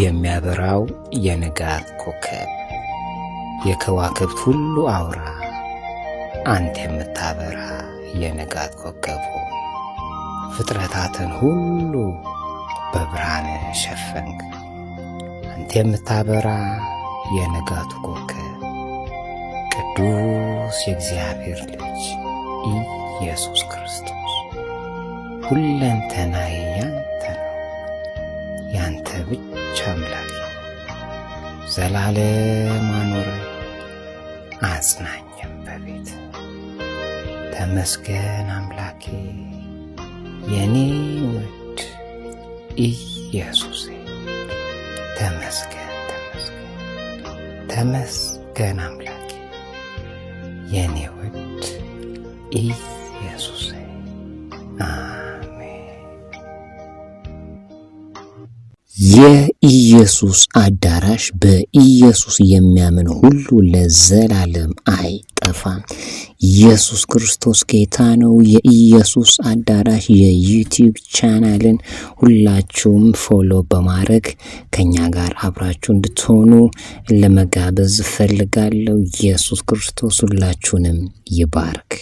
የሚያበራው የንጋት ኮከብ የከዋክብት ሁሉ አውራ አንተ የምታበራ የንጋት ኮከብ ፍጥረታትን ሁሉ በብርሃን ሸፈንክ። አንተ የምታበራ የንጋቱ ኮከብ ቅዱስ የእግዚአብሔር ልጅ ኢየሱስ ክርስቶስ ሁለንተናዬ ያንተ ብቻ አምላክ ዘላለም አኖረ አጽናኝም በቤት ተመስገን አምላኬ የኔ ውድ ኢየሱሴ ተመስገን ተመስገን ተመስገን አምላኬ የኔ ውድ ኢየሱሴ የኢየሱስ አዳራሽ በኢየሱስ የሚያምን ሁሉ ለዘላለም አይጠፋም። ኢየሱስ ክርስቶስ ጌታ ነው። የኢየሱስ አዳራሽ የዩቲዩብ ቻናልን ሁላችሁም ፎሎ በማድረግ ከኛ ጋር አብራችሁ እንድትሆኑ ለመጋበዝ እፈልጋለሁ። ኢየሱስ ክርስቶስ ሁላችሁንም ይባርክ።